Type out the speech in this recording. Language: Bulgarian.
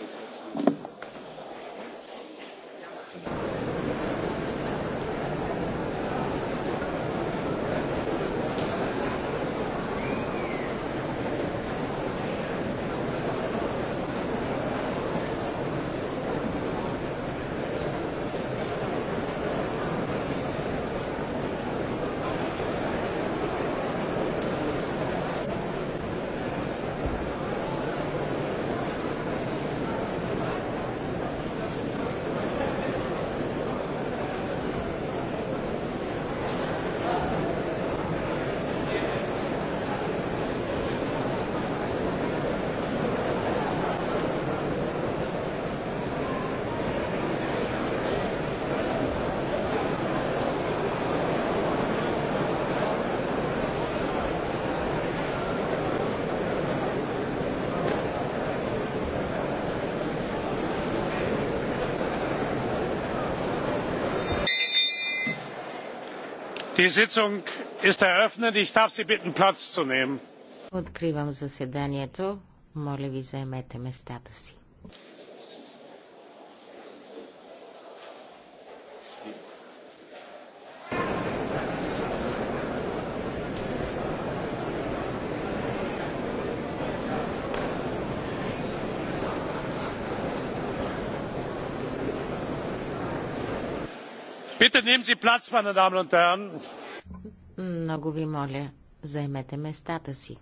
Thank you. Откривам заседанието. Моля ви, заемете местата си. бъдете сериозни! много ви моля заемете местата си.